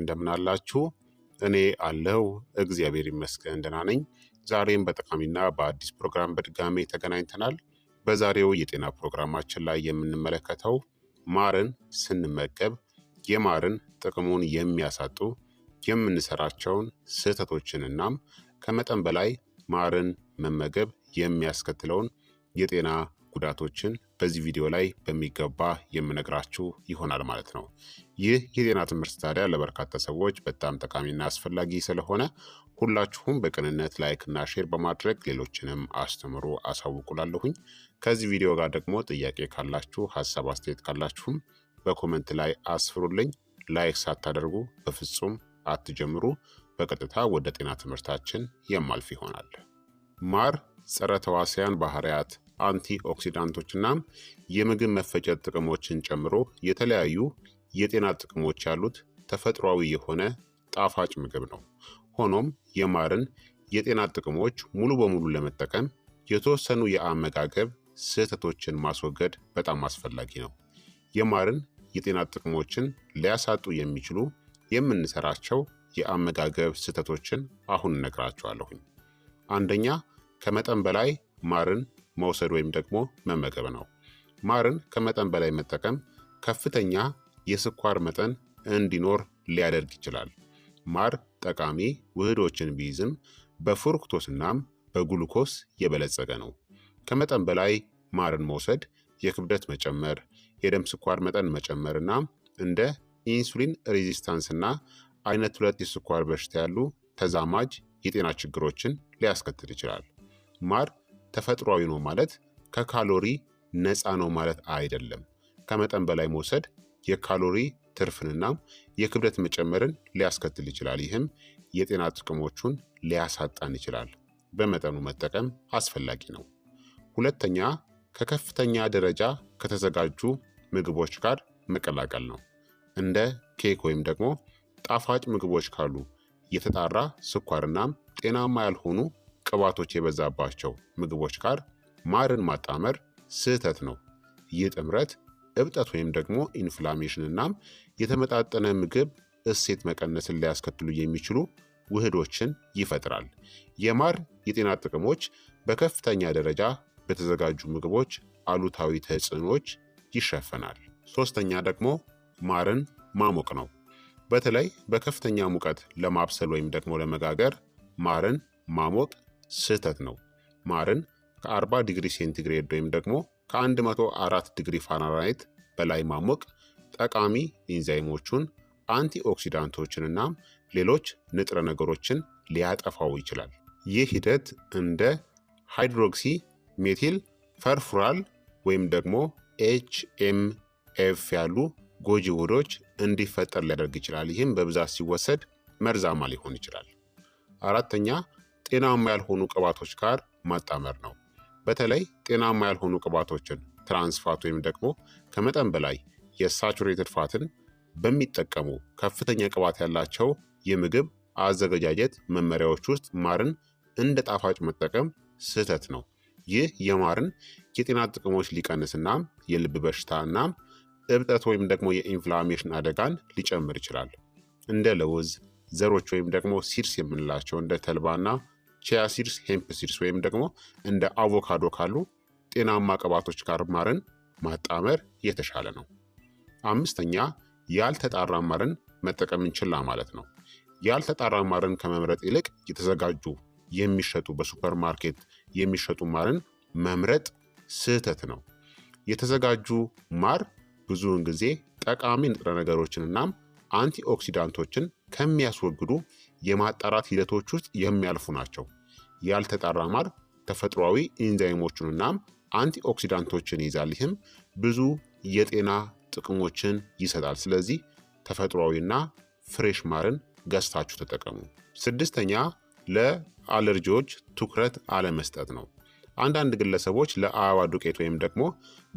እንደምን አላችሁ? እኔ አለው እግዚአብሔር ይመስገን ደህና ነኝ። ዛሬም በጠቃሚና በአዲስ ፕሮግራም በድጋሜ ተገናኝተናል። በዛሬው የጤና ፕሮግራማችን ላይ የምንመለከተው ማርን ስንመገብ የማርን ጥቅሙን የሚያሳጡ የምንሰራቸውን ስህተቶችን እናም ከመጠን በላይ ማርን መመገብ የሚያስከትለውን የጤና ጉዳቶችን በዚህ ቪዲዮ ላይ በሚገባ የምነግራችሁ ይሆናል ማለት ነው። ይህ የጤና ትምህርት ታዲያ ለበርካታ ሰዎች በጣም ጠቃሚና አስፈላጊ ስለሆነ ሁላችሁም በቅንነት ላይክና ሼር በማድረግ ሌሎችንም አስተምሩ አሳውቁላለሁኝ። ከዚህ ቪዲዮ ጋር ደግሞ ጥያቄ ካላችሁ ሀሳብ አስተያየት ካላችሁም በኮመንት ላይ አስፍሩልኝ። ላይክ ሳታደርጉ በፍጹም አትጀምሩ። በቀጥታ ወደ ጤና ትምህርታችን የማልፍ ይሆናል። ማር ጸረ ተዋሲያን ባህሪያት አንቲ ኦክሲዳንቶችና የምግብ መፈጨት ጥቅሞችን ጨምሮ የተለያዩ የጤና ጥቅሞች ያሉት ተፈጥሯዊ የሆነ ጣፋጭ ምግብ ነው። ሆኖም የማርን የጤና ጥቅሞች ሙሉ በሙሉ ለመጠቀም የተወሰኑ የአመጋገብ ስህተቶችን ማስወገድ በጣም አስፈላጊ ነው። የማርን የጤና ጥቅሞችን ሊያሳጡ የሚችሉ የምንሰራቸው የአመጋገብ ስህተቶችን አሁን እነግራችኋለሁኝ። አንደኛ ከመጠን በላይ ማርን መውሰድ ወይም ደግሞ መመገብ ነው። ማርን ከመጠን በላይ መጠቀም ከፍተኛ የስኳር መጠን እንዲኖር ሊያደርግ ይችላል። ማር ጠቃሚ ውህዶችን ቢይዝም በፍሩክቶስናም በጉልኮስ የበለጸገ ነው። ከመጠን በላይ ማርን መውሰድ የክብደት መጨመር፣ የደም ስኳር መጠን መጨመር እና እንደ ኢንሱሊን ሬዚስታንስ እና አይነት ሁለት የስኳር በሽታ ያሉ ተዛማጅ የጤና ችግሮችን ሊያስከትል ይችላል። ማር ተፈጥሯዊ ነው ማለት ከካሎሪ ነፃ ነው ማለት አይደለም። ከመጠን በላይ መውሰድ የካሎሪ ትርፍንና የክብደት መጨመርን ሊያስከትል ይችላል። ይህም የጤና ጥቅሞቹን ሊያሳጣን ይችላል። በመጠኑ መጠቀም አስፈላጊ ነው። ሁለተኛ ከከፍተኛ ደረጃ ከተዘጋጁ ምግቦች ጋር መቀላቀል ነው። እንደ ኬክ ወይም ደግሞ ጣፋጭ ምግቦች ካሉ የተጣራ ስኳርናም ጤናማ ያልሆኑ ቅባቶች የበዛባቸው ምግቦች ጋር ማርን ማጣመር ስህተት ነው። ይህ ጥምረት እብጠት ወይም ደግሞ ኢንፍላሜሽን እናም የተመጣጠነ ምግብ እሴት መቀነስን ሊያስከትሉ የሚችሉ ውህዶችን ይፈጥራል። የማር የጤና ጥቅሞች በከፍተኛ ደረጃ በተዘጋጁ ምግቦች አሉታዊ ተጽዕኖዎች ይሸፈናል። ሶስተኛ ደግሞ ማርን ማሞቅ ነው። በተለይ በከፍተኛ ሙቀት ለማብሰል ወይም ደግሞ ለመጋገር ማርን ማሞቅ ስህተት ነው። ማርን ከ40 ዲግሪ ሴንቲግሬድ ወይም ደግሞ ከ104 ዲግሪ ፋናራይት በላይ ማሞቅ ጠቃሚ ኢንዛይሞቹን አንቲኦክሲዳንቶችን እናም ሌሎች ንጥረ ነገሮችን ሊያጠፋው ይችላል። ይህ ሂደት እንደ ሃይድሮክሲ ሜቲል ፈርፉራል ወይም ደግሞ ኤችኤምኤፍ ያሉ ጎጂ ውህዶች እንዲፈጠር ሊያደርግ ይችላል። ይህም በብዛት ሲወሰድ መርዛማ ሊሆን ይችላል። አራተኛ ጤናማ ያልሆኑ ቅባቶች ጋር ማጣመር ነው። በተለይ ጤናማ ያልሆኑ ቅባቶችን ትራንስፋት ወይም ደግሞ ከመጠን በላይ የሳቹሬትድ ፋትን በሚጠቀሙ ከፍተኛ ቅባት ያላቸው የምግብ አዘገጃጀት መመሪያዎች ውስጥ ማርን እንደ ጣፋጭ መጠቀም ስህተት ነው። ይህ የማርን የጤና ጥቅሞች ሊቀንስና የልብ በሽታ እናም እብጠት ወይም ደግሞ የኢንፍላሜሽን አደጋን ሊጨምር ይችላል። እንደ ለውዝ ዘሮች ወይም ደግሞ ሲድስ የምንላቸው እንደ ተልባና ሲድስ፣ ሄምፕ ሲድስ ወይም ደግሞ እንደ አቮካዶ ካሉ ጤናማ ቅባቶች ጋር ማርን ማጣመር የተሻለ ነው። አምስተኛ ያልተጣራ ማርን መጠቀም እንችላ ማለት ነው። ያልተጣራ ማርን ከመምረጥ ይልቅ የተዘጋጁ የሚሸጡ በሱፐርማርኬት የሚሸጡ ማርን መምረጥ ስህተት ነው። የተዘጋጁ ማር ብዙውን ጊዜ ጠቃሚ ንጥረ ነገሮችን እናም አንቲ ኦክሲዳንቶችን ከሚያስወግዱ የማጣራት ሂደቶች ውስጥ የሚያልፉ ናቸው። ያልተጣራ ማር ተፈጥሯዊ ኢንዛይሞቹንና አንቲ ኦክሲዳንቶችን ይይዛል። ይህም ብዙ የጤና ጥቅሞችን ይሰጣል። ስለዚህ ተፈጥሯዊና ፍሬሽ ማርን ገዝታችሁ ተጠቀሙ። ስድስተኛ ለአለርጂዎች ትኩረት አለመስጠት ነው። አንዳንድ ግለሰቦች ለአበባ ዱቄት ወይም ደግሞ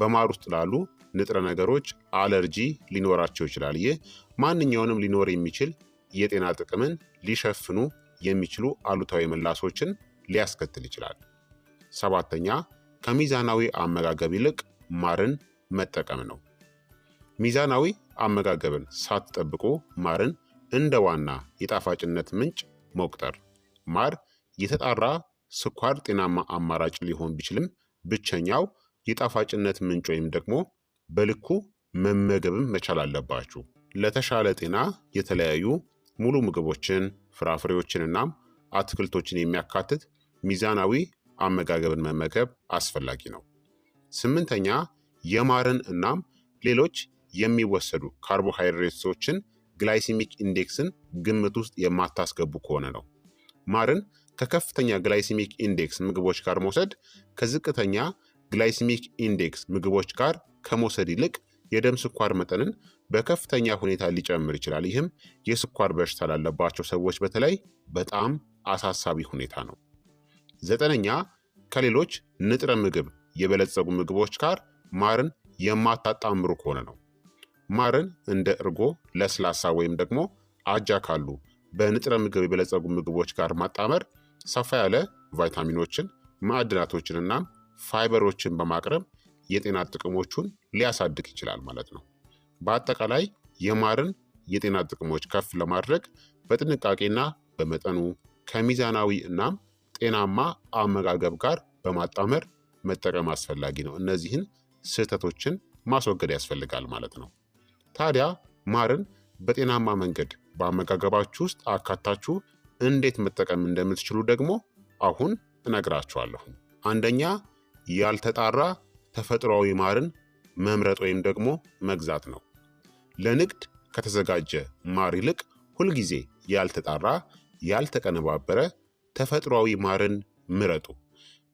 በማር ውስጥ ላሉ ንጥረ ነገሮች አለርጂ ሊኖራቸው ይችላል። ይህ ማንኛውንም ሊኖር የሚችል የጤና ጥቅምን ሊሸፍኑ የሚችሉ አሉታዊ ምላሶችን። ሊያስከትል ይችላል። ሰባተኛ ከሚዛናዊ አመጋገብ ይልቅ ማርን መጠቀም ነው። ሚዛናዊ አመጋገብን ሳትጠብቁ ማርን እንደ ዋና የጣፋጭነት ምንጭ መቁጠር። ማር የተጣራ ስኳር ጤናማ አማራጭ ሊሆን ቢችልም ብቸኛው የጣፋጭነት ምንጭ ወይም ደግሞ በልኩ መመገብም መቻል አለባችሁ። ለተሻለ ጤና የተለያዩ ሙሉ ምግቦችን፣ ፍራፍሬዎችን እናም አትክልቶችን የሚያካትት ሚዛናዊ አመጋገብን መመገብ አስፈላጊ ነው። ስምንተኛ የማርን እናም ሌሎች የሚወሰዱ ካርቦሃይድሬቶችን ግላይሲሚክ ኢንዴክስን ግምት ውስጥ የማታስገቡ ከሆነ ነው። ማርን ከከፍተኛ ግላይሲሚክ ኢንዴክስ ምግቦች ጋር መውሰድ ከዝቅተኛ ግላይሲሚክ ኢንዴክስ ምግቦች ጋር ከመውሰድ ይልቅ የደም ስኳር መጠንን በከፍተኛ ሁኔታ ሊጨምር ይችላል። ይህም የስኳር በሽታ ላለባቸው ሰዎች በተለይ በጣም አሳሳቢ ሁኔታ ነው። ዘጠነኛ ከሌሎች ንጥረ ምግብ የበለጸጉ ምግቦች ጋር ማርን የማታጣምሩ ከሆነ ነው። ማርን እንደ እርጎ፣ ለስላሳ ወይም ደግሞ አጃ ካሉ በንጥረ ምግብ የበለጸጉ ምግቦች ጋር ማጣመር ሰፋ ያለ ቫይታሚኖችን፣ ማዕድናቶችንና ፋይበሮችን በማቅረብ የጤና ጥቅሞቹን ሊያሳድግ ይችላል ማለት ነው። በአጠቃላይ የማርን የጤና ጥቅሞች ከፍ ለማድረግ በጥንቃቄና በመጠኑ ከሚዛናዊ እናም ጤናማ አመጋገብ ጋር በማጣመር መጠቀም አስፈላጊ ነው። እነዚህን ስህተቶችን ማስወገድ ያስፈልጋል ማለት ነው። ታዲያ ማርን በጤናማ መንገድ በአመጋገባችሁ ውስጥ አካታችሁ እንዴት መጠቀም እንደምትችሉ ደግሞ አሁን እነግራችኋለሁ። አንደኛ ያልተጣራ ተፈጥሯዊ ማርን መምረጥ ወይም ደግሞ መግዛት ነው። ለንግድ ከተዘጋጀ ማር ይልቅ ሁልጊዜ ያልተጣራ፣ ያልተቀነባበረ ተፈጥሯዊ ማርን ምረጡ።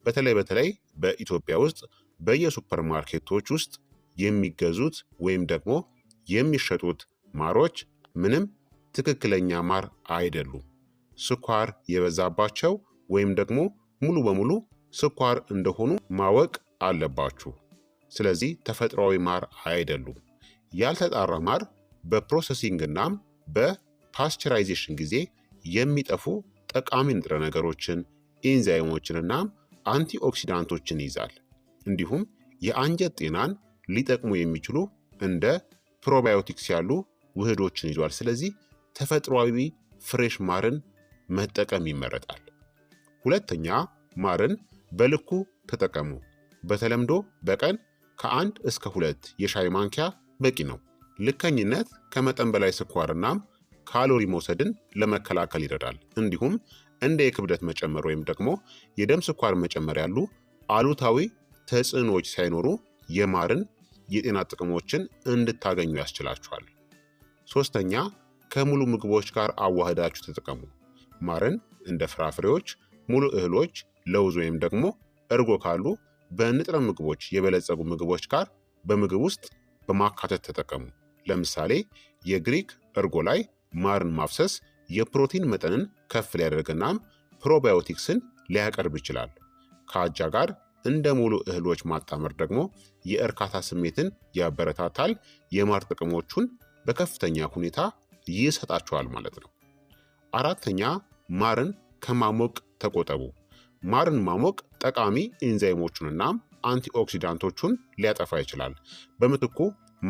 በተለይ በተለይ በኢትዮጵያ ውስጥ በየሱፐር ማርኬቶች ውስጥ የሚገዙት ወይም ደግሞ የሚሸጡት ማሮች ምንም ትክክለኛ ማር አይደሉም። ስኳር የበዛባቸው ወይም ደግሞ ሙሉ በሙሉ ስኳር እንደሆኑ ማወቅ አለባችሁ። ስለዚህ ተፈጥሯዊ ማር አይደሉም። ያልተጣራ ማር በፕሮሰሲንግ እናም በፓስቸራይዜሽን ጊዜ የሚጠፉ ጠቃሚ ንጥረ ነገሮችን፣ ኤንዛይሞችንና አንቲኦክሲዳንቶችን ይይዛል። እንዲሁም የአንጀት ጤናን ሊጠቅሙ የሚችሉ እንደ ፕሮባዮቲክስ ያሉ ውህዶችን ይዟል። ስለዚህ ተፈጥሯዊ ፍሬሽ ማርን መጠቀም ይመረጣል። ሁለተኛ ማርን በልኩ ተጠቀሙ። በተለምዶ በቀን ከአንድ እስከ ሁለት የሻይ ማንኪያ በቂ ነው። ልከኝነት ከመጠን በላይ ስኳርናም ካሎሪ መውሰድን ለመከላከል ይረዳል። እንዲሁም እንደ የክብደት መጨመር ወይም ደግሞ የደም ስኳር መጨመር ያሉ አሉታዊ ተጽዕኖዎች ሳይኖሩ የማርን የጤና ጥቅሞችን እንድታገኙ ያስችላችኋል። ሶስተኛ ከሙሉ ምግቦች ጋር አዋህዳችሁ ተጠቀሙ። ማርን እንደ ፍራፍሬዎች፣ ሙሉ እህሎች፣ ለውዝ ወይም ደግሞ እርጎ ካሉ በንጥረ ምግቦች የበለጸጉ ምግቦች ጋር በምግብ ውስጥ በማካተት ተጠቀሙ። ለምሳሌ የግሪክ እርጎ ላይ ማርን ማፍሰስ የፕሮቲን መጠንን ከፍ ሊያደርግናም ፕሮባዮቲክስን ሊያቀርብ ይችላል። ከአጃ ጋር እንደ ሙሉ እህሎች ማጣመር ደግሞ የእርካታ ስሜትን ያበረታታል፣ የማር ጥቅሞቹን በከፍተኛ ሁኔታ ይሰጣቸዋል ማለት ነው። አራተኛ ማርን ከማሞቅ ተቆጠቡ። ማርን ማሞቅ ጠቃሚ ኢንዛይሞቹንና አንቲ ሊያጠፋ ይችላል። በምትኩ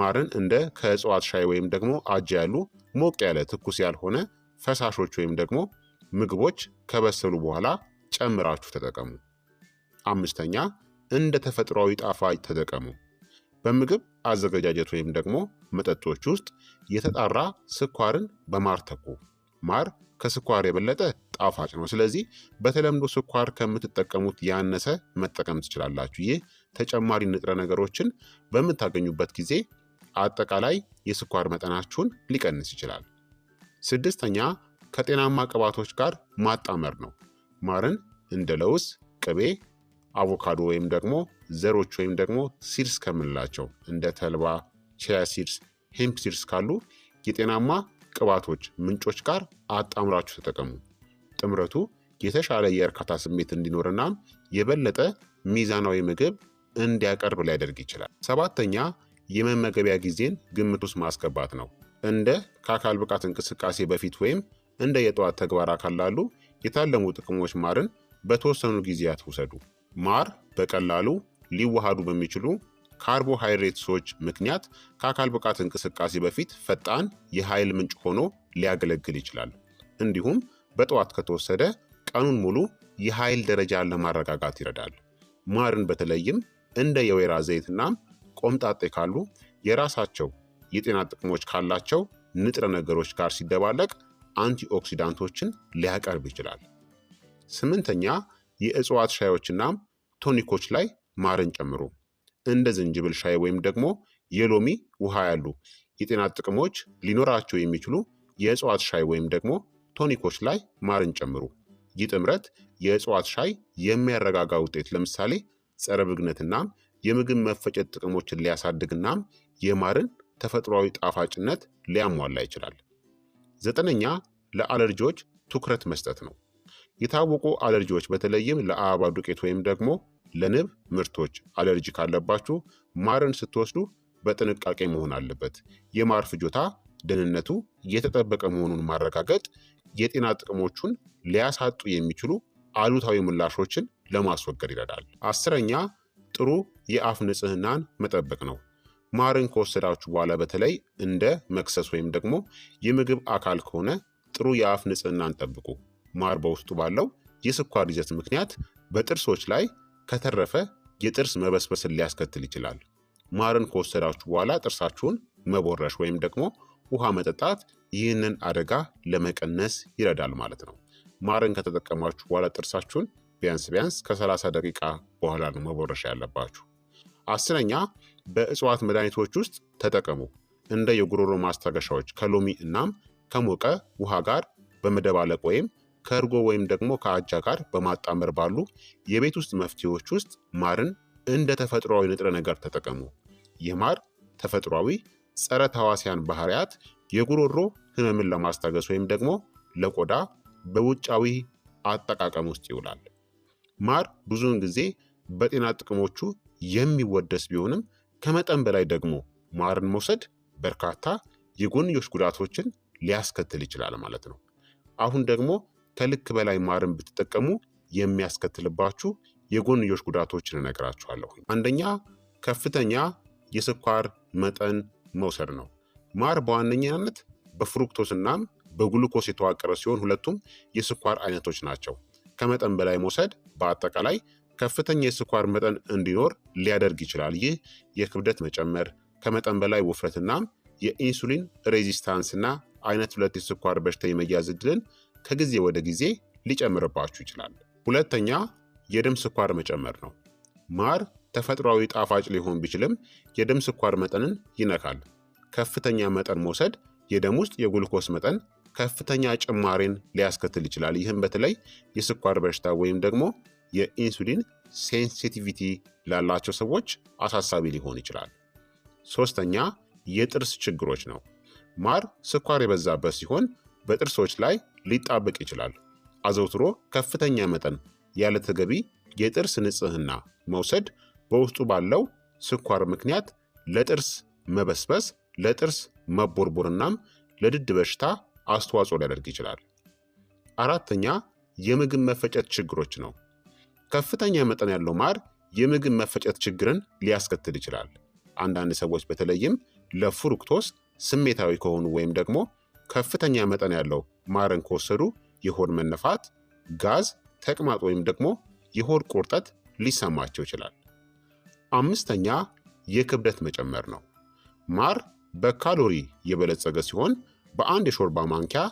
ማርን እንደ ከእጽዋት ሻይ ወይም ደግሞ አጃ ያሉ ሞቅ ያለ ትኩስ ያልሆነ ፈሳሾች ወይም ደግሞ ምግቦች ከበሰሉ በኋላ ጨምራችሁ ተጠቀሙ። አምስተኛ እንደ ተፈጥሯዊ ጣፋጭ ተጠቀሙ። በምግብ አዘገጃጀት ወይም ደግሞ መጠጦች ውስጥ የተጣራ ስኳርን በማርተኩ ማር ከስኳር የበለጠ ጣፋጭ ነው። ስለዚህ በተለምዶ ስኳር ከምትጠቀሙት ያነሰ መጠቀም ትችላላችሁ። ይህ ተጨማሪ ንጥረ ነገሮችን በምታገኙበት ጊዜ አጠቃላይ የስኳር መጠናችሁን ሊቀንስ ይችላል። ስድስተኛ ከጤናማ ቅባቶች ጋር ማጣመር ነው። ማርን እንደ ለውዝ፣ ቅቤ፣ አቮካዶ ወይም ደግሞ ዘሮች ወይም ደግሞ ሲድስ ከምንላቸው እንደ ተልባ፣ ቺያ ሲድስ፣ ሄምፕ ሲድስ ካሉ የጤናማ ቅባቶች ምንጮች ጋር አጣምራችሁ ተጠቀሙ። ጥምረቱ የተሻለ የእርካታ ስሜት እንዲኖርናም የበለጠ ሚዛናዊ ምግብ እንዲያቀርብ ሊያደርግ ይችላል። ሰባተኛ የመመገቢያ ጊዜን ግምት ውስጥ ማስገባት ነው። እንደ ከአካል ብቃት እንቅስቃሴ በፊት ወይም እንደ የጠዋት ተግባር አካል ላሉ የታለሙ ጥቅሞች ማርን በተወሰኑ ጊዜያት ውሰዱ። ማር በቀላሉ ሊዋሃዱ በሚችሉ ካርቦሃይድሬትሶች ምክንያት ከአካል ብቃት እንቅስቃሴ በፊት ፈጣን የኃይል ምንጭ ሆኖ ሊያገለግል ይችላል። እንዲሁም በጠዋት ከተወሰደ ቀኑን ሙሉ የኃይል ደረጃን ለማረጋጋት ይረዳል። ማርን በተለይም እንደ የወይራ ዘይት ቆምጣጤ ካሉ የራሳቸው የጤና ጥቅሞች ካላቸው ንጥረ ነገሮች ጋር ሲደባለቅ አንቲኦክሲዳንቶችን ሊያቀርብ ይችላል። ስምንተኛ የእጽዋት ሻዮችናም ቶኒኮች ላይ ማርን ጨምሩ እንደ ዝንጅብል ሻይ ወይም ደግሞ የሎሚ ውሃ ያሉ የጤና ጥቅሞች ሊኖራቸው የሚችሉ የእጽዋት ሻይ ወይም ደግሞ ቶኒኮች ላይ ማርን ጨምሩ። ይህ ጥምረት የእጽዋት ሻይ የሚያረጋጋ ውጤት ለምሳሌ ጸረ ብግነትናም የምግብ መፈጨት ጥቅሞችን ሊያሳድግና የማርን ተፈጥሯዊ ጣፋጭነት ሊያሟላ ይችላል። ዘጠነኛ ለአለርጂዎች ትኩረት መስጠት ነው። የታወቁ አለርጂዎች በተለይም ለአበባ ዱቄት ወይም ደግሞ ለንብ ምርቶች አለርጂ ካለባችሁ ማርን ስትወስዱ በጥንቃቄ መሆን አለበት። የማር ፍጆታ ደህንነቱ የተጠበቀ መሆኑን ማረጋገጥ የጤና ጥቅሞቹን ሊያሳጡ የሚችሉ አሉታዊ ምላሾችን ለማስወገድ ይረዳል። አስረኛ ጥሩ የአፍ ንጽህናን መጠበቅ ነው። ማርን ከወሰዳችሁ በኋላ በተለይ እንደ መክሰስ ወይም ደግሞ የምግብ አካል ከሆነ ጥሩ የአፍ ንጽህናን ጠብቁ። ማር በውስጡ ባለው የስኳር ይዘት ምክንያት በጥርሶች ላይ ከተረፈ የጥርስ መበስበስን ሊያስከትል ይችላል። ማርን ከወሰዳችሁ በኋላ ጥርሳችሁን መቦረሽ ወይም ደግሞ ውሃ መጠጣት ይህንን አደጋ ለመቀነስ ይረዳል ማለት ነው። ማርን ከተጠቀማችሁ በኋላ ጥርሳችሁን ቢያንስ ቢያንስ ከ30 ደቂቃ በኋላ ነው መቦረሻ ያለባችሁ። አስረኛ በእጽዋት መድኃኒቶች ውስጥ ተጠቀሙ። እንደ የጉሮሮ ማስታገሻዎች ከሎሚ እናም ከሞቀ ውሃ ጋር በመደባለቅ ወይም ከእርጎ ወይም ደግሞ ከአጃ ጋር በማጣመር ባሉ የቤት ውስጥ መፍትሄዎች ውስጥ ማርን እንደ ተፈጥሯዊ ንጥረ ነገር ተጠቀሙ። የማር ተፈጥሯዊ ጸረ ተዋሲያን ባህሪያት የጉሮሮ ህመምን ለማስታገስ ወይም ደግሞ ለቆዳ በውጫዊ አጠቃቀም ውስጥ ይውላል። ማር ብዙውን ጊዜ በጤና ጥቅሞቹ የሚወደስ ቢሆንም ከመጠን በላይ ደግሞ ማርን መውሰድ በርካታ የጎንዮሽ ጉዳቶችን ሊያስከትል ይችላል ማለት ነው። አሁን ደግሞ ከልክ በላይ ማርን ብትጠቀሙ የሚያስከትልባችሁ የጎንዮሽ ጉዳቶችን እነግራችኋለሁ። አንደኛ ከፍተኛ የስኳር መጠን መውሰድ ነው። ማር በዋነኛነት በፍሩክቶስ እናም በግሉኮስ የተዋቀረ ሲሆን ሁለቱም የስኳር አይነቶች ናቸው። ከመጠን በላይ መውሰድ በአጠቃላይ ከፍተኛ የስኳር መጠን እንዲኖር ሊያደርግ ይችላል። ይህ የክብደት መጨመር፣ ከመጠን በላይ ውፍረትና የኢንሱሊን ሬዚስታንስና አይነት ሁለት የስኳር በሽታ የመያዝ እድልን ከጊዜ ወደ ጊዜ ሊጨምርባችሁ ይችላል። ሁለተኛ የደም ስኳር መጨመር ነው። ማር ተፈጥሯዊ ጣፋጭ ሊሆን ቢችልም የደም ስኳር መጠንን ይነካል። ከፍተኛ መጠን መውሰድ የደም ውስጥ የጉልኮስ መጠን ከፍተኛ ጭማሬን ሊያስከትል ይችላል። ይህም በተለይ የስኳር በሽታ ወይም ደግሞ የኢንሱሊን ሴንሲቲቪቲ ላላቸው ሰዎች አሳሳቢ ሊሆን ይችላል። ሶስተኛ የጥርስ ችግሮች ነው። ማር ስኳር የበዛበት ሲሆን በጥርሶች ላይ ሊጣበቅ ይችላል። አዘውትሮ ከፍተኛ መጠን ያለ ተገቢ የጥርስ ንጽህና መውሰድ በውስጡ ባለው ስኳር ምክንያት ለጥርስ መበስበስ፣ ለጥርስ መቦርቦርናም ለድድ በሽታ አስተዋጽኦ ሊያደርግ ይችላል። አራተኛ የምግብ መፈጨት ችግሮች ነው። ከፍተኛ መጠን ያለው ማር የምግብ መፈጨት ችግርን ሊያስከትል ይችላል። አንዳንድ ሰዎች በተለይም ለፍሩክቶስ ስሜታዊ ከሆኑ ወይም ደግሞ ከፍተኛ መጠን ያለው ማርን ከወሰዱ የሆድ መነፋት፣ ጋዝ፣ ተቅማጥ ወይም ደግሞ የሆድ ቁርጠት ሊሰማቸው ይችላል። አምስተኛ የክብደት መጨመር ነው። ማር በካሎሪ የበለጸገ ሲሆን በአንድ የሾርባ ማንኪያ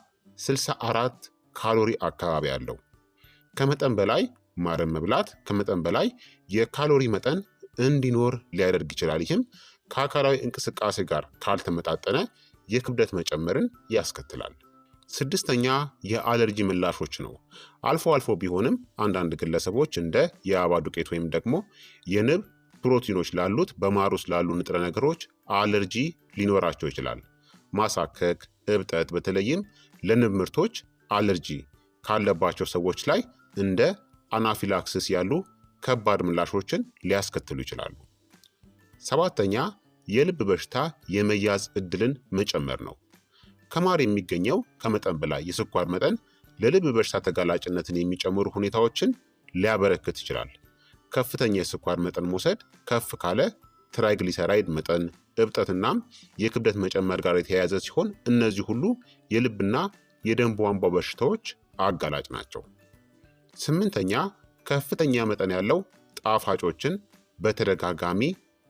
64 ካሎሪ አካባቢ አለው። ከመጠን በላይ ማርን መብላት ከመጠን በላይ የካሎሪ መጠን እንዲኖር ሊያደርግ ይችላል። ይህም ከአካላዊ እንቅስቃሴ ጋር ካልተመጣጠነ የክብደት መጨመርን ያስከትላል። ስድስተኛ የአለርጂ ምላሾች ነው። አልፎ አልፎ ቢሆንም አንዳንድ ግለሰቦች እንደ የአበባ ዱቄት ወይም ደግሞ የንብ ፕሮቲኖች ላሉት በማር ውስጥ ላሉ ንጥረ ነገሮች አለርጂ ሊኖራቸው ይችላል። ማሳከክ፣ እብጠት፣ በተለይም ለንብ ምርቶች አለርጂ ካለባቸው ሰዎች ላይ እንደ አናፊላክሲስ ያሉ ከባድ ምላሾችን ሊያስከትሉ ይችላሉ። ሰባተኛ የልብ በሽታ የመያዝ እድልን መጨመር ነው። ከማር የሚገኘው ከመጠን በላይ የስኳር መጠን ለልብ በሽታ ተጋላጭነትን የሚጨምሩ ሁኔታዎችን ሊያበረክት ይችላል። ከፍተኛ የስኳር መጠን መውሰድ ከፍ ካለ ትራይግሊሰራይድ መጠን፣ እብጠትናም የክብደት መጨመር ጋር የተያያዘ ሲሆን እነዚህ ሁሉ የልብና የደም ቧንቧ በሽታዎች አጋላጭ ናቸው። ስምንተኛ ከፍተኛ መጠን ያለው ጣፋጮችን በተደጋጋሚ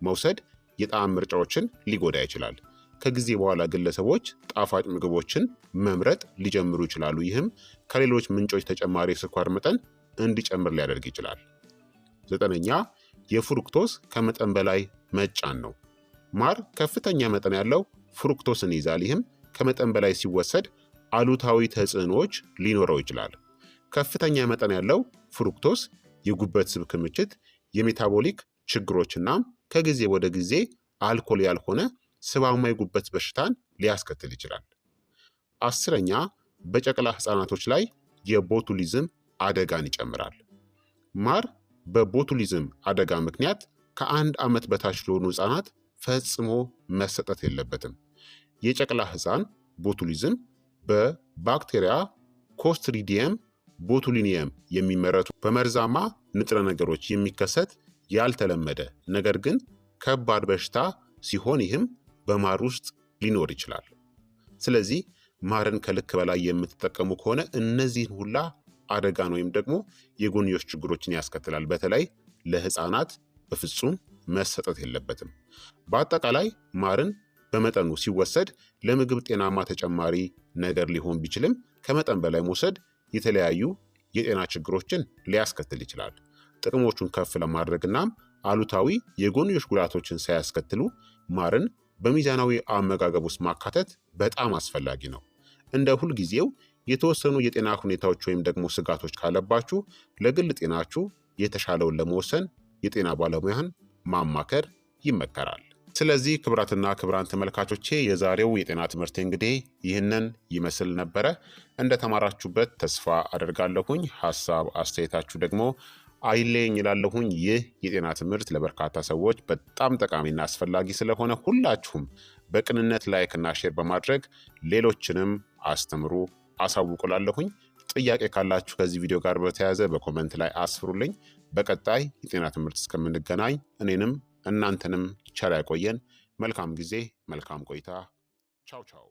መውሰድ የጣዕም ምርጫዎችን ሊጎዳ ይችላል። ከጊዜ በኋላ ግለሰቦች ጣፋጭ ምግቦችን መምረጥ ሊጀምሩ ይችላሉ። ይህም ከሌሎች ምንጮች ተጨማሪ የስኳር መጠን እንዲጨምር ሊያደርግ ይችላል። ዘጠነኛ የፍሩክቶስ ከመጠን በላይ መጫን ነው። ማር ከፍተኛ መጠን ያለው ፍሩክቶስን ይዛል። ይህም ከመጠን በላይ ሲወሰድ አሉታዊ ተጽዕኖዎች ሊኖረው ይችላል። ከፍተኛ መጠን ያለው ፍሩክቶስ የጉበት ስብ ክምችት፣ የሜታቦሊክ ችግሮች እናም ከጊዜ ወደ ጊዜ አልኮል ያልሆነ ስባማ የጉበት በሽታን ሊያስከትል ይችላል። አስረኛ በጨቅላ ህፃናቶች ላይ የቦቱሊዝም አደጋን ይጨምራል። ማር በቦቱሊዝም አደጋ ምክንያት ከአንድ ዓመት በታች ለሆኑ ህፃናት ፈጽሞ መሰጠት የለበትም። የጨቅላ ህፃን ቦቱሊዝም በባክቴሪያ ኮስትሪዲየም ቦቱሊኒየም የሚመረቱ በመርዛማ ንጥረ ነገሮች የሚከሰት ያልተለመደ ነገር ግን ከባድ በሽታ ሲሆን ይህም በማር ውስጥ ሊኖር ይችላል። ስለዚህ ማርን ከልክ በላይ የምትጠቀሙ ከሆነ እነዚህን ሁላ አደጋን ወይም ደግሞ የጎንዮሽ ችግሮችን ያስከትላል። በተለይ ለህፃናት በፍጹም መሰጠት የለበትም። በአጠቃላይ ማርን በመጠኑ ሲወሰድ ለምግብ ጤናማ ተጨማሪ ነገር ሊሆን ቢችልም ከመጠን በላይ መውሰድ የተለያዩ የጤና ችግሮችን ሊያስከትል ይችላል። ጥቅሞቹን ከፍ ለማድረግ አሉታዊ የጎንዮሽ ጉዳቶችን ሳያስከትሉ ማርን በሚዛናዊ አመጋገብ ውስጥ ማካተት በጣም አስፈላጊ ነው። እንደ ሁልጊዜው የተወሰኑ የጤና ሁኔታዎች ወይም ደግሞ ስጋቶች ካለባችሁ ለግል ጤናችሁ የተሻለውን ለመወሰን የጤና ባለሙያን ማማከር ይመከራል። ስለዚህ ክብራትና ክብራን ተመልካቾቼ የዛሬው የጤና ትምህርት እንግዲህ ይህንን ይመስል ነበረ። እንደተማራችሁበት ተስፋ አደርጋለሁኝ። ሀሳብ አስተያየታችሁ ደግሞ አይሌኝ ይላለሁኝ። ይህ የጤና ትምህርት ለበርካታ ሰዎች በጣም ጠቃሚና አስፈላጊ ስለሆነ ሁላችሁም በቅንነት ላይክና ሼር በማድረግ ሌሎችንም አስተምሩ፣ አሳውቁላለሁኝ። ጥያቄ ካላችሁ ከዚህ ቪዲዮ ጋር በተያያዘ በኮመንት ላይ አስፍሩልኝ። በቀጣይ የጤና ትምህርት እስከምንገናኝ እኔንም እናንተንም ቸር ያቆየን። መልካም ጊዜ፣ መልካም ቆይታ። ቻው ቻው